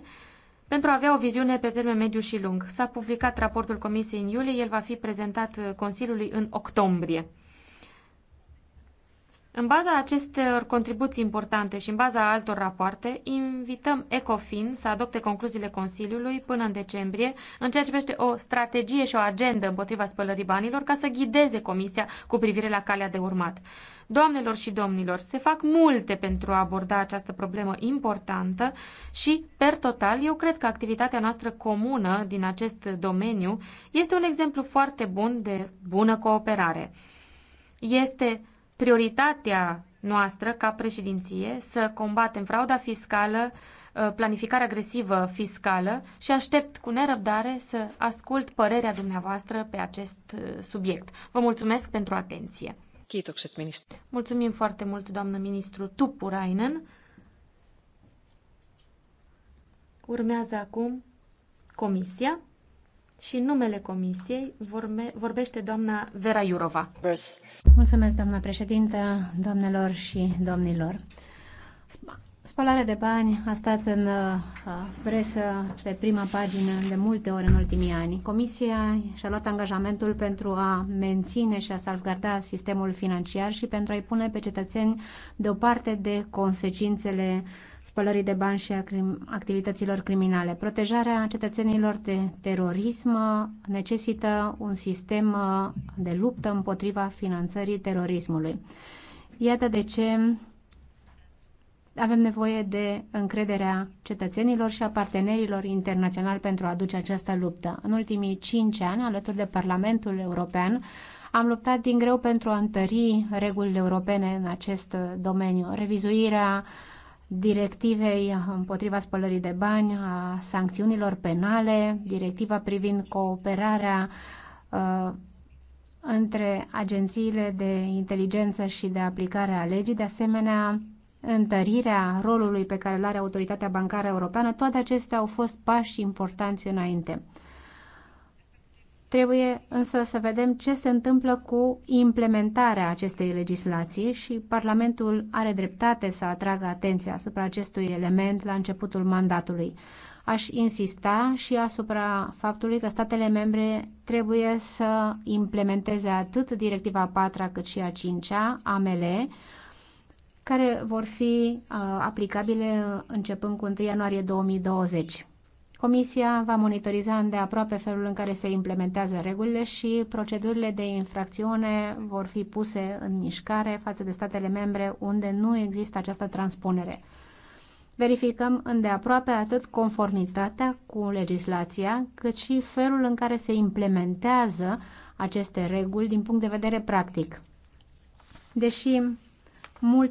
pentru a avea o viziune pe termen mediu și lung. S-a publicat raportul Comisiei în iulie, el va fi prezentat uh, Consiliului în octombrie. În baza acestor contribuții importante și în baza altor rapoarte, invităm ECOFIN să adopte concluziile Consiliului până în decembrie în ceea ce privește o strategie și o agendă împotriva spălării banilor ca să ghideze Comisia cu privire la calea de urmat. Doamnelor și domnilor, se fac multe pentru a aborda această problemă importantă și, per total, eu cred că activitatea noastră comună din acest domeniu este un exemplu foarte bun de bună cooperare. Este prioritatea noastră ca președinție să combatem frauda fiscală, uh, planificarea agresivă fiscală și aștept cu nerăbdare să ascult părerea dumneavoastră pe acest uh, subiect. Vă mulțumesc pentru atenție. Mulțumim foarte mult, doamnă ministru Tupurainen. Urmează acum Comisia și în numele Comisiei vorme, vorbește doamna Vera Iurova. Mulțumesc, doamna președintă, doamnelor și domnilor. Spalarea de bani a stat în uh, presă pe prima pagină de multe ori în ultimii ani. Comisia și-a luat angajamentul pentru a menține și a salvgarda sistemul financiar și pentru a-i pune pe cetățeni deoparte de consecințele spălării de bani și a crim- activităților criminale. Protejarea cetățenilor de terorism necesită un sistem uh, de luptă împotriva finanțării terorismului. Iată de ce avem nevoie de încrederea cetățenilor și a partenerilor internaționali pentru a duce această luptă. În ultimii cinci ani, alături de Parlamentul European, am luptat din greu pentru a întări regulile europene în acest domeniu. Revizuirea directivei împotriva spălării de bani, a sancțiunilor penale, directiva privind cooperarea uh, între agențiile de inteligență și de aplicare a legii, de asemenea întărirea rolului pe care îl are Autoritatea Bancară Europeană, toate acestea au fost pași importanți înainte. Trebuie însă să vedem ce se întâmplă cu implementarea acestei legislații și Parlamentul are dreptate să atragă atenția asupra acestui element la începutul mandatului. Aș insista și asupra faptului că statele membre trebuie să implementeze atât directiva 4 cât și a 5 -a, AML, care vor fi uh, aplicabile uh, începând cu 1 ianuarie 2020. Comisia va monitoriza îndeaproape felul în care se implementează regulile și procedurile de infracțiune vor fi puse în mișcare față de statele membre unde nu există această transpunere. Verificăm îndeaproape atât conformitatea cu legislația, cât și felul în care se implementează aceste reguli din punct de vedere practic. Deși multe